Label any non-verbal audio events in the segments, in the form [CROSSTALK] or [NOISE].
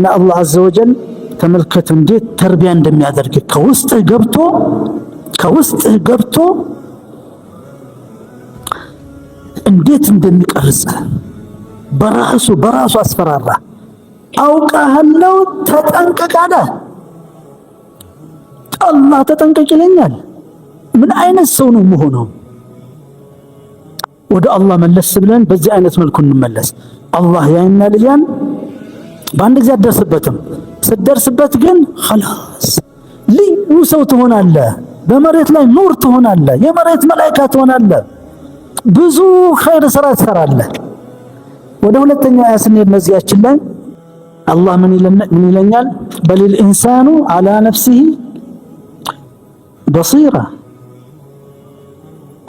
እና አላህ አዘወጀል ተመልከት እንዴት ተርቢያ እንደሚያደርግ ከውስጥ ገብቶ ከውስጥ ገብቶ እንዴት እንደሚቀርጽ በራሱ በራሱ አስፈራራ። አውቃሃለው ተጠንቀቃለ አላህ ተጠንቀቅ ይለኛል። ምን አይነት ሰው ነው መሆነው? ወደ አላህ መለስ ብለን በዚህ አይነት መልኩ እንመለስ። አላህ ያይናል ያን በአንድ ጊዜ አትደርስበትም። ስትደርስበት ግን ኸላስ ልዩ ሰው ትሆናለ በመሬት ላይ ኑር ትሆናለ የመሬት መላይካ ትሆናለ ብዙ ኸይር ስራ ትሰራለ ወደ ሁለተኛው አያ ስንሄድ እነዚያችን ላይ አላህ ምን ይለኛል? በሊል ኢንሳኑ አላ ነፍሲሂ በሲራ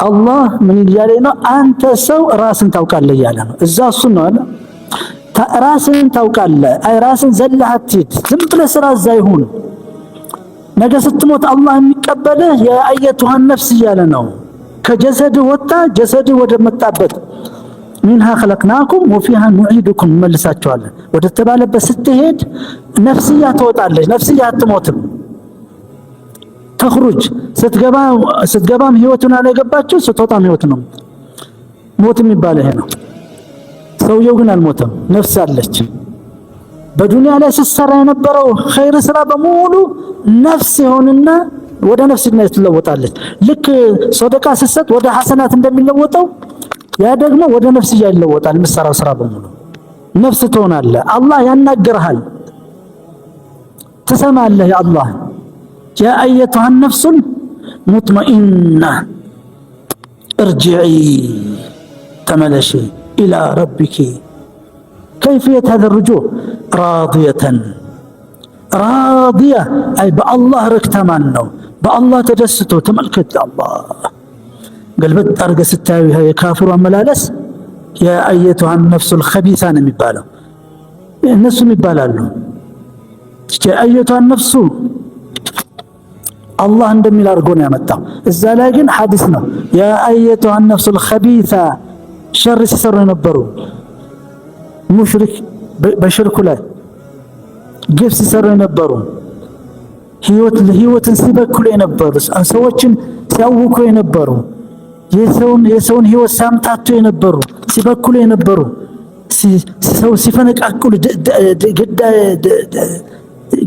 አላህ ምን እያለ ነው? አንተ ሰው ራስን ታውቃለህ እያለ ነው። እዛ እሱን ነው ራስህን ታውቃለህ። ራስህን ዘለህ አትሂድ። ዝም ብለህ ስራ እዛ ይሁን። ነገ ስትሞት አላህ የሚቀበልህ የአየቱሃን ነፍስ እያለ ነው። ከጀሰድህ ወጣ ጀሰድህ ወደ መጣበት ሚንሃ ኸለቅናኩም ወፊሃ ኑዒዱኩም እመልሳቸዋለን ወደ ተባለበት ስትሄድ ነፍስያ ትወጣለች። ነፍስያ አትሞትም። ተኽሩጅ ስትገባም ህይወቱን አለ ስትወጣም ህይወት ነው። ሞት የሚባል ይሄ ነው። ሰውየው ግን አልሞተም፣ ነፍስ አለች። በዱንያ ላይ ስትሰራ የነበረው ኸይር ስራ በሙሉ ነፍስ ይሆንና ወደ ነፍስ ትለወጣለች። ልክ ሶደቃ ስትሰጥ ወደ ሐሰናት እንደሚለወጠው ያ ደግሞ ወደ ነፍስ ይለወጣል። የምትሰራው ስራ በሙሉ ነፍስ ትሆናለህ። አላህ ያናግርሃል፣ ትሰማለህ። አላህ ያ አየቱሃ ነፍሱል ሙጥመኢና እርጅዒ ተመለሺ ኢላ ረቢኪ ከይፍየት ሀዘ ርጁ ራድየተን ራድያ አይ በአላህ ረክተማን ነው። በአላህ ተደስቶ ተመልከት። አላህ ገልበጥ አድርገህ ስታዩ የካፍሩ አመላለስ የአየቱሃን ነፍሱል ኸቢሳ ነው የሚባለው። እነሱም ይባላሉ የአየቱሃን ነፍሱ አላህ እንደሚል አድርጎ ነው ያመጣው። እዛ ላይ ግን ሐዲስ ነው የአየቱሃን ነፍሱል ኸቢሳ ሸር ሲሰሩ የነበሩ ሙሽሪክ በሽርኩ ላይ ግፍ ሲሰሩ የነበሩ ህይወትን ሲበክሉ የነበሩ ሰዎችን ሲያውኩ የነበሩ የሰውን የሰውን ህይወት ሲያምታቱ የነበሩ ሲበክሉ የነበሩ ሰው ሲፈነቃቅሉ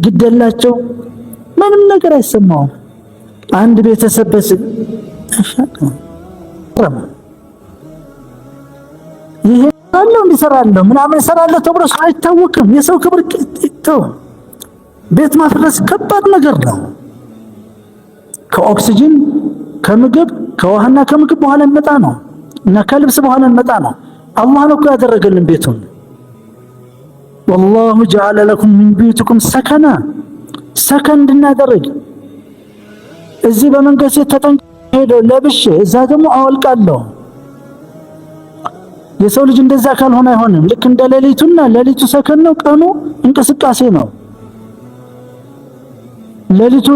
ግደላቸው ምንም ነገር አይሰማውም። አንድ ቤተሰብ ይሄ አለው እንዲሰራለሁ ምናምን እሰራለሁ ተብሎ ሰው አይታወቅም። የሰው ክብር ተው። ቤት ማፍረስ ከባድ ነገር ነው። ከኦክሲጅን ከምግብ ከውሃና ከምግብ በኋላ እንመጣ ነው እና ከልብስ በኋላ እንመጣ ነው። አላህ ነው እኮ ያደረገልን ቤቱን። ወላሁ ጀዓለ ለኩም ሚን ቢዩቲኩም ሰከና ሰከን እንድናደርግ እዚህ በመንገድ ሴት ተጠንቀ ሄዶ ለብሼ እዛ ደግሞ አወልቃለሁ የሰው ልጅ እንደዛ ካልሆነ አይሆንም። ልክ እንደ ሌሊቱና ሌሊቱ ሰከን ነው፣ ቀኑ እንቅስቃሴ ነው። ሌሊቱ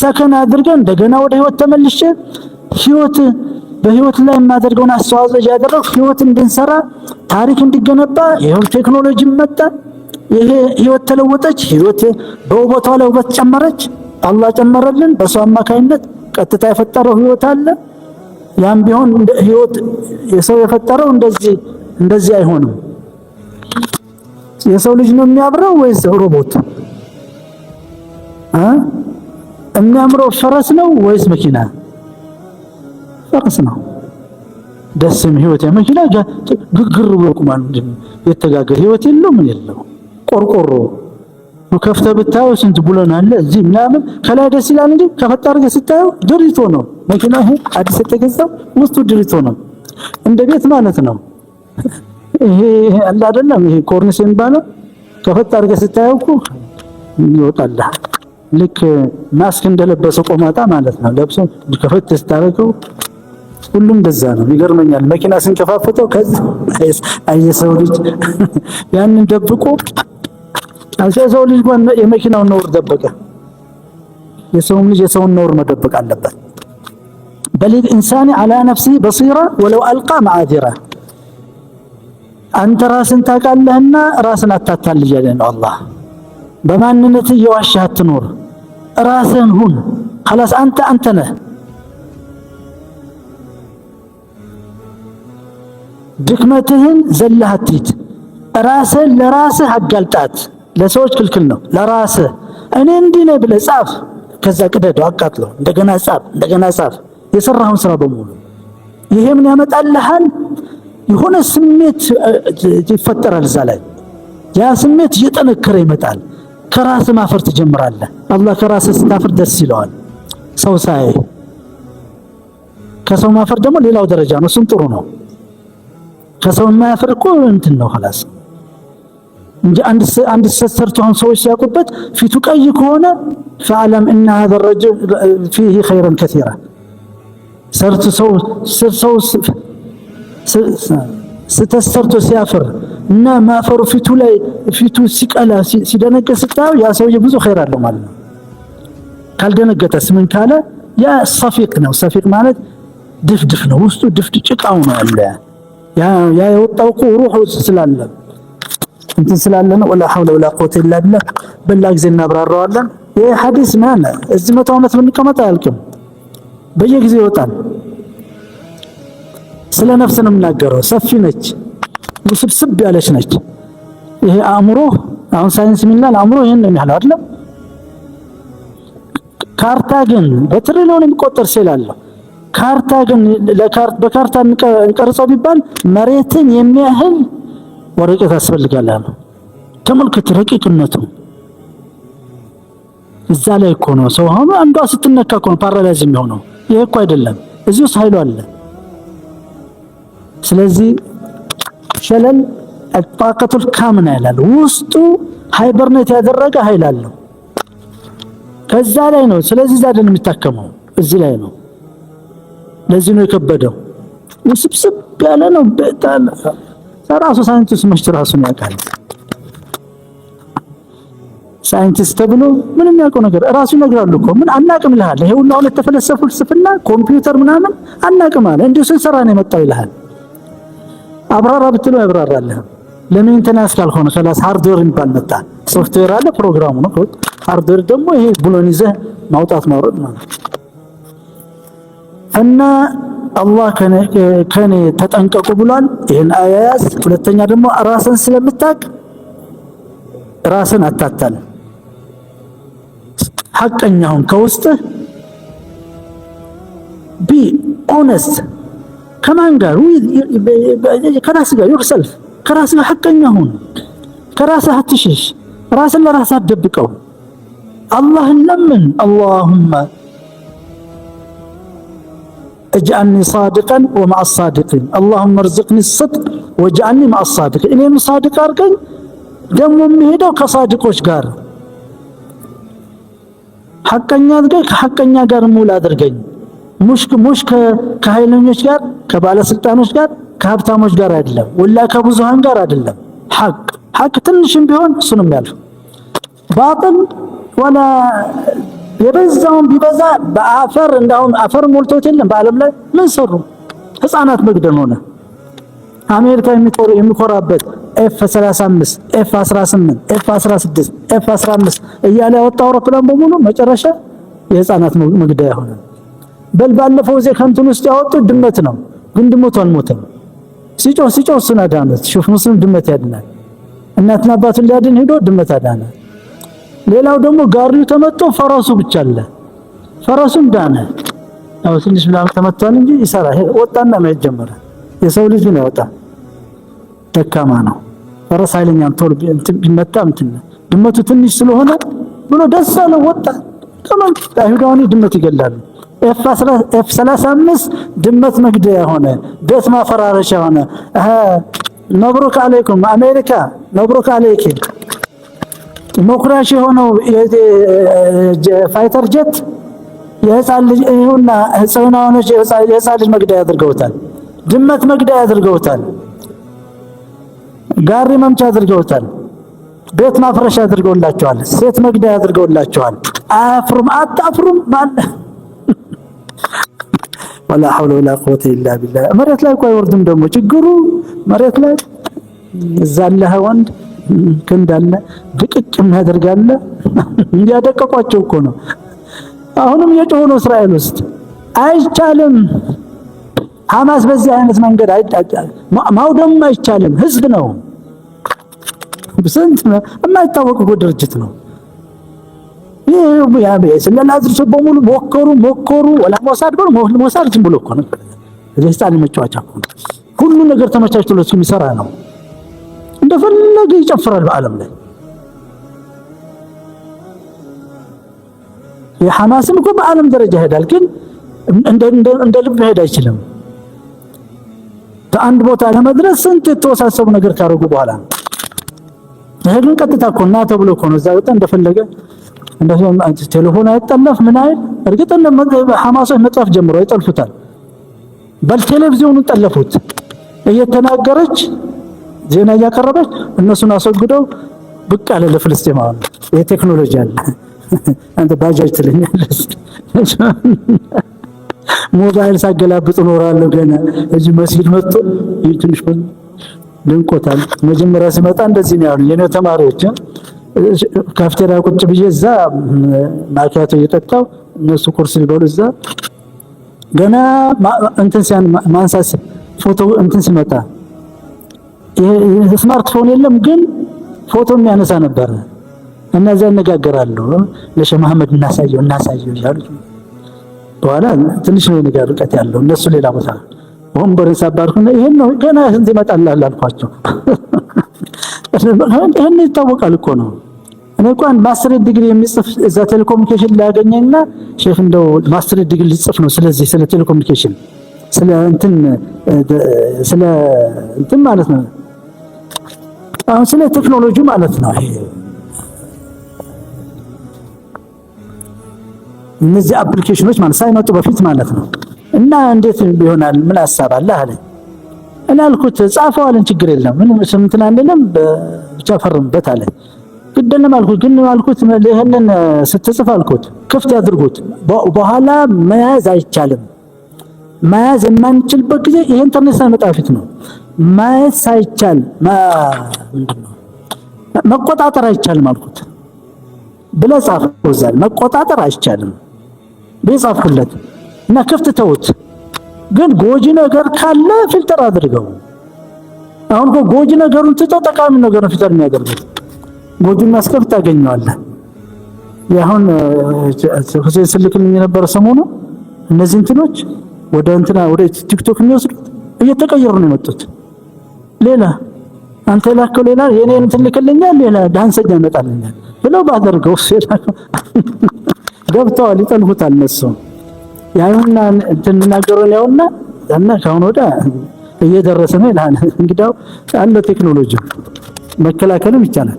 ሰከን አድርገን እንደገና ወደ ህይወት ተመልሼ ህይወት በህይወት ላይ የማደርገውን አስተዋጽኦ እያደረግኩ ህይወት እንድንሰራ ታሪክ እንዲገነባ ይኸው ቴክኖሎጂ መጣ። ይሄ ህይወት ተለወጠች። ህይወት በውበቷ ላይ ውበት ጨመረች። አላህ ጨመረልን። በሰው አማካኝነት ቀጥታ የፈጠረው ህይወት አለ። ያም ቢሆን ህይወት የሰው የፈጠረው እንደዚህ እንደዚህ አይሆንም። የሰው ልጅ ነው የሚያምረው ወይስ ሮቦት? የሚያምረው ፈረስ ነው ወይስ መኪና? ፈረስ ነው። ደስም ህይወት የመኪና ግግር ብሎ ቁማን የተጋገ ህይወት የለው ምን የለው ቆርቆሮ ከፍተ ብታየው ስንት ብሎን አለ እዚህ ምናምን ከላይ ደስ ይላል እንጂ ከፈታ አድርገ ስታየው ድሪቶ ነው መኪና። ይሄ አዲስ የተገዛው ውስጡ ድሪቶ ነው እንደ ቤት ማለት ነው። ይሄ አለ አይደለም፣ ይሄ ኮርኒስ የሚባለው ከፈታ አድርገ ስታየው እኮ ይወጣል። ልክ ማስክ እንደለበሰ ቆማጣ ማለት ነው። ለብሶ ከፈት ስታደርገው ሁሉም በዛ ነው። ይገርመኛል መኪና ስንከፋፈተው ከዚህ አየሰው ልጅ ያንን ደብቆ የሰው ልጅ የመኪናውን ነውር ደበቀ። የሰውም ልጅ የሰውን ነውር መደበቅ አለበት። በሊል ኢንሳኒ አላ ነፍሲ በሲራ ወለው አልቃ መዓዚራ አንተ ራስን ታውቃለህና ራስን አታታልል እያለ ነው አላህ። በማንነት እየዋሸህ አትኖር፣ ራስህን ሁን። ኸላስ አንተ አንተ ነህ። ድክመትህን ዘለህ አትሂድ፣ ራስህን ለራስህ አጋልጣት። ለሰዎች ክልክል ነው። ለራስ እኔ እንዲህ ነህ ብለህ ጻፍ፣ ከዛ ቅደደው፣ አቃጥለው፣ እንደገና ጻፍ፣ እንደገና ጻፍ፣ የሰራኸውን ስራ በሙሉ። ይሄ ምን ያመጣልሃል? የሆነ ስሜት ይፈጠራል እዛ ላይ። ያ ስሜት እየጠነከረ ይመጣል። ከራስ ማፈር ትጀምራለህ። አላህ ከራስ ስታፈር ደስ ይለዋል። ሰው ሳይ ከሰው ማፈር ደግሞ ሌላው ደረጃ ነው። እሱም ጥሩ ነው። ከሰው የማያፈር እኮ እንትን ነው ላስ እንጂ አንድ ስህተት ሰርቶ አሁን ሰዎች ሲያውቁበት ፊቱ ቀይ ከሆነ ፈዕለም እና ሀዘ ረጅል ፊህ ኸይረን ከሲራ ሰርቶ ሰው ሰው ስህተት ሰርቶ ሲያፍር እና ማፈሩ ፊቱ ላይ ፊቱ ሲቀላ ሲደነገጥ ስታየው ያ ሰውዬ ብዙ ኸይር አለው ማለት ነው። ካልደነገጠስ ምን ካለ ያ ሰፊቅ ነው። ሰፊቅ ማለት ድፍድፍ ነው። ውስጡ ድፍድ ጭቃው ነው ያለ ያ የወጣው ሩሑ ስላለ እንትን ስላለ ነው። ወላ ሐውለ ወላ ቁወተ ኢላ ቢላህ። በላ ጊዜ እናብራራዋለን። ይሄ ሐዲስ ማን እዚህ መቶ ዓመት ብንቀመጥ አያልቅም፣ በየጊዜው ይወጣል። ስለ ነፍስ ነው የምናገረው። ሰፊ ነች፣ ውስብስብ ያለች ነች። ይሄ አእምሮ አሁን ሳይንስ የሚላል አእምሮ ይሄን ነው የሚያለው አይደለም። ካርታ ግን በትሪሊዮን የሚቆጠር ሴል አለው። ካርታ ግን በካርታ እንቀርጸው ቢባል መሬትን የሚያህል ወረቀት ያስፈልጋል አሉ። ተመልከት ረቂቅነቱ እዛ ላይ እኮ ነው። ሰው አሁን አንዷ ስትነካ እኮ ነው ፓራላይዝ የሚሆነው። ይሄ እኮ አይደለም፣ እዚህ ውስጥ ኃይሉ አለ። ስለዚህ ሸለል ጣቀቱል ካምና ይላል። ውስጡ ሃይበርኔት ያደረገ ኃይል አለው። ከዛ ላይ ነው። ስለዚህ እዛ አይደለም የሚታከመው፣ እዚህ ላይ ነው። ለዚህ ነው የከበደው። ውስብስብ ያለ ነው በጣም ራሱ ሳይንቲስት መች ራሱን ያውቃል? ሳይንቲስት ተብሎ ምንም ያውቀው ነገር ራሱ ይነግራሉ እኮ ምን አናቅም ይልሃል። ይሄ ሁሉ አሁን የተፈለሰፉ ፍልስፍና ኮምፒውተር ምናምን አናቅም አለ እንዲሁ ስንሰራ ነው የመጣው ይልሃል። አብራራ ብትለው ያብራራልህም። ለሜንቴናንስ ካልሆነ ከላስ ሃርድዌር የሚባል መጣ። ሶፍትዌር አለ ፕሮግራሙ ነው። ሃርድዌር ደግሞ ይሄ ብሎን ይዘህ ማውጣት ማውረድ ማለት እና አላህ ከኔ ተጠንቀቁ ብሏል። ይህን አያያዝ ሁለተኛ ደግሞ ራስን ስለምታቅ ራስን አታታል። ሐቀኛውን ከውስጥ ቢ ኦነስት ከማን ጋር ከራስ ጋር ዮርሰልፍ ከራስ ጋር ሐቀኛ ሁን። ከራስ አትሽሽ። ራስን ለራስ አትደብቀው። አላህን ለምን አላሁማ እጅአኒ ሳድቀን ወማአሳድቂን አላሁመ እርዝቅኒ ስድቅ ወጅአኒ ማአሳድቂን። እኔም ሳድቅ አድርገኝ ደግሞ የሚሄደው ከሳድቆች ጋር ሐቀኛ አድርገኝ ከሐቀኛ ጋር ሙል አድርገኝ። ሙሽ ሙሽ ከኃይለኞች ጋር ከባለስልጣኖች ጋር ከሀብታሞች ጋር አይደለም፣ ወላ ከብዙሃን ጋር አይደለም። ሐቅ ሐቅ ትንሽም ቢሆን እሱንም ያልፍ ባጥል ወላ የበዛውን ቢበዛ በአፈር እንዳሁን አፈር ሞልቶት የለም በዓለም ላይ ምን ሰሩ? ህፃናት መግደል ሆነ። አሜሪካ የሚኮራበት ኤፍ 35 ኤፍ 18 ኤፍ 16 ኤፍ 15 እያለ ያወጣ አውሮፕላን በሙሉ መጨረሻ የህፃናት መግደያ ሆነ። በል ባለፈው ዜ ከንትን ውስጥ ያወጡት ድመት ነው፣ ግን ድመቱ አልሞተም። ሲጮህ ሲጮህ እሱን አዳነት። ሹፍ ሙስሊም ድመት ያድናል። እናትና አባቱን ሊያድን ሄዶ ድመት አዳናት። ሌላው ደግሞ ጋሪው ተመቶ ፈረሱ ብቻ አለ። ፈረሱም ዳነ። ያው ትንሽ ምናምን ተመቷል እንጂ ይሰራ ወጣና መሄድ ጀመረ። የሰው ልጅ ነው ያወጣ ደካማ ነው። ፈረስ ኃይለኛም ቶሎ ቢመጣ እንትን ድመቱ ትንሽ ስለሆነ ብሎ ደስ አለው ወጣ። ከማን አይሁዳውያን ድመት ይገላሉ። ኤፍ 35 አምስት ድመት መግደያ ሆነ፣ ቤት ማፈራረሻ ሆነ። መብሩክ አለይኩም አሜሪካ፣ መብሩክ አለይኩም ሞክራሽ የሆነው ፋይተር ጀት የህፃን ልጅ ይሁና ጽህና ሆነች የህፃን ልጅ መግደያ አድርገውታል። ድመት መግደያ አድርገውታል። ጋሪ መምቻ አድርገውታል። ቤት ማፍረሻ አድርገውላቸዋል። ሴት መግደያ አድርገውላቸዋል። አያፍሩም፣ አታፍሩም ማለ [LAUGHS] ወላ ሐውለ ወላ ቁወተ ኢላ ቢላህ። መሬት ላይ እኮ አይወርድም ደግሞ ችግሩ መሬት ላይ እዛለህ ወንድ ክንዳለ ድቅቅ የሚያደርጋለ እንዲያደቀቋቸው እኮ ነው። አሁንም የጮሆ ነው እስራኤል ውስጥ አይቻልም። ሐማስ በዚህ አይነት መንገድ ማውደም አይቻልም። ህዝብ ነው፣ ስንት የማይታወቅ እኮ ድርጅት ነው። ስለላ ድርሶ በሙሉ ሞከሩ ሞከሩ ወላ ሞሳድ ብሎ ሞሳድ ዝም ብሎ እኮ ነው። ህፃን መጫወቻ ሁሉ ነገር ተመቻችቶለት የሚሰራ ነው። እንደፈለገ ይጨፍራል በዓለም ላይ። የሐማስም እኮ በዓለም ደረጃ ይሄዳል፣ ግን እንደ ልብ መሄድ አይችልም። ከአንድ ቦታ ለመድረስ ስንት የተወሳሰቡ ነገር ካደረጉ በኋላ ነው። ይሄ ግን ቀጥታ እኮ ና ተብሎ እኮ ነው። እዛ ወጣ እንደፈለገ ቴሌፎን አይጠለፍ ምን አይል። እርግጥ ሐማሶች መጥለፍ ጀምሮ ይጠልፉታል። በል ቴሌቪዥኑን ጠለፉት እየተናገረች ዜና እያቀረበች እነሱን አስወግደው ብቅ አለ ለፍልስጤም። አሁን ይሄ ቴክኖሎጂ አለ። [LAUGHS] አንተ ባጃጅ ትለኛለህ። [LAUGHS] ሞባይል ሳገላብጥ እኖራለሁ ገና እዚህ መስጊድ መጥቶ ይህ ትንሽ ድንቆታል። መጀመሪያ ሲመጣ እንደዚህ ነው ያሉ የኔ ተማሪዎች ካፍቴሪያ ቁጭ ብዬ እዛ ማኪያቶ እየጠጣው እነሱ ቁርስ ሊበሉ እዛ ገና እንትን ሲያን ማንሳት ፎቶ እንትን ሲመጣ ስማርትፎን የለም፣ ግን ፎቶ የሚያነሳ ነበረ። እነዚያ ይነጋገራሉ። ለሸ መሐመድ እናሳየው እናሳየው እያሉ በኋላ ትንሽ ነው የነገር ርቀት ያለው እነሱ ሌላ ቦታ ወንበርን ሳባርኩና ይሄን ነው ገና እንት ይመጣልሃል አልኳቸው። [LAUGHS] ይሄን ይታወቃል እኮ ነው። እኔ እንኳን ማስተር ዲግሪ የሚጽፍ እዛ ቴሌኮሙኒኬሽን ላያገኘና ሼህ እንደው ማስተር ዲግሪ ሊጽፍ ነው ስለዚህ ስለ ቴሌኮሙኒኬሽን ስለ እንትን ስለ እንትን ማለት ነው አሁን ስለ ቴክኖሎጂ ማለት ነው። እነዚህ አፕሊኬሽኖች ማለት ሳይመጡ በፊት ማለት ነው። እና እንዴት ይሆናል? ምን ሀሳብ አለ አለ እኔ አልኩት ጻፈዋልን፣ ችግር የለም ምንም እንትን አንልም፣ ብቻ ፈርምበት አለ። ግድ የለም አልኩት። ግን አልኩት ይህንን ስትጽፍ አልኩት ክፍት ያድርጉት፣ በኋላ መያዝ አይቻልም። መያዝ የማንችልበት ጊዜ ይህ ኢንተርኔት ሳይመጣ በፊት ነው። ማየት ሳይቻል መቆጣጠር አይቻልም አልኩት ብለህ ጻፈው። እዛ መቆጣጠር አይቻልም ብለህ ጻፍኩለት እና ክፍት ተውት። ግን ጎጂ ነገር ካለ ፊልተር አድርገው። አሁን ጎጂ ነገሩን ትተው ጠቃሚ ነገሩን ፊልተር የሚያደርገው ጎጂን ማስቀብ ታገኘዋለህ። የአሁን ሁሴን ስልክልኝ የነበረ ሰሞኑ እነዚህ እንትኖች ወደ እንትና ወደ ቲክቶክ የሚወስዱት እየተቀየሩ ነው የመጡት። ሌላ አንተ የላከው ሌላ የኔን ትልክልኛል፣ ሌላ ዳንሰኛ ያመጣልኛል ብለው ባደርገው ገብተዋል፣ ይጠልፉታል። ነሰው ያዩና እንትናገሩን ያውና እና ካሁን ወዲያ እየደረሰ ነው ይላል። እንግዲያው አለ ቴክኖሎጂ መከላከልም ይቻላል።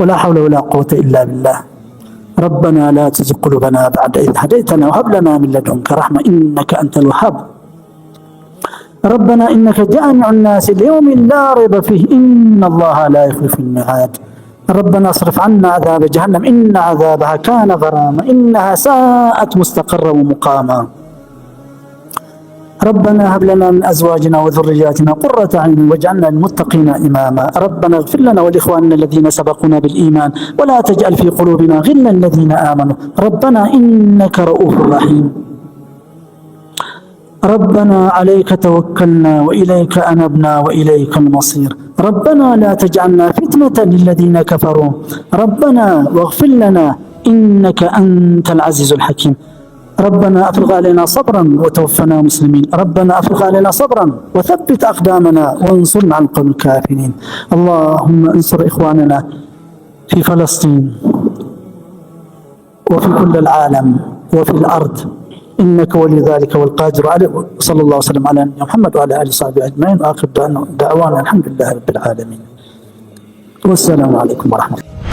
ወላ ሐውለ ወላ ቁወተ ኢላ ቢላህ ረበና ላ ትዝግ ቁሉበና በዕደ ኢዝ ሀደይተና ወሀብ ለና ሚን ለዱንከ ረሕማ ኢነከ አንተል ወሃብ ربنا إنك جامع الناس ليوم لا ريب فيه إن الله لا يخلف الميعاد ربنا اصرف عنا عذاب جهنم إن عذابها كان غراما إنها ساءت مستقرا ومقاما ربنا هب لنا من أزواجنا وذرياتنا قرة عين واجعلنا للمتقين إماما ربنا اغفر لنا ولإخواننا الذين سبقونا بالإيمان ولا تجعل في قلوبنا غلا الذين آمنوا ربنا إنك رؤوف رحيم ربنا عليك توكلنا وإليك أنبنا وإليك المصير ربنا لا تجعلنا فتنة للذين كفروا ربنا واغفر لنا إنك أنت العزيز الحكيم ربنا أفرغ علينا صبرا وتوفنا مسلمين ربنا أفرغ علينا صبرا وثبت أقدامنا وانصرنا على القوم الكافرين اللهم انصر إخواننا في فلسطين وفي كل العالم وفي الأرض انك ولي ذلك والقادر عليه وصلى الله وسلم على نبينا محمد وعلى اله وصحبه اجمعين واخر دعوانا الحمد لله رب العالمين والسلام عليكم ورحمه الله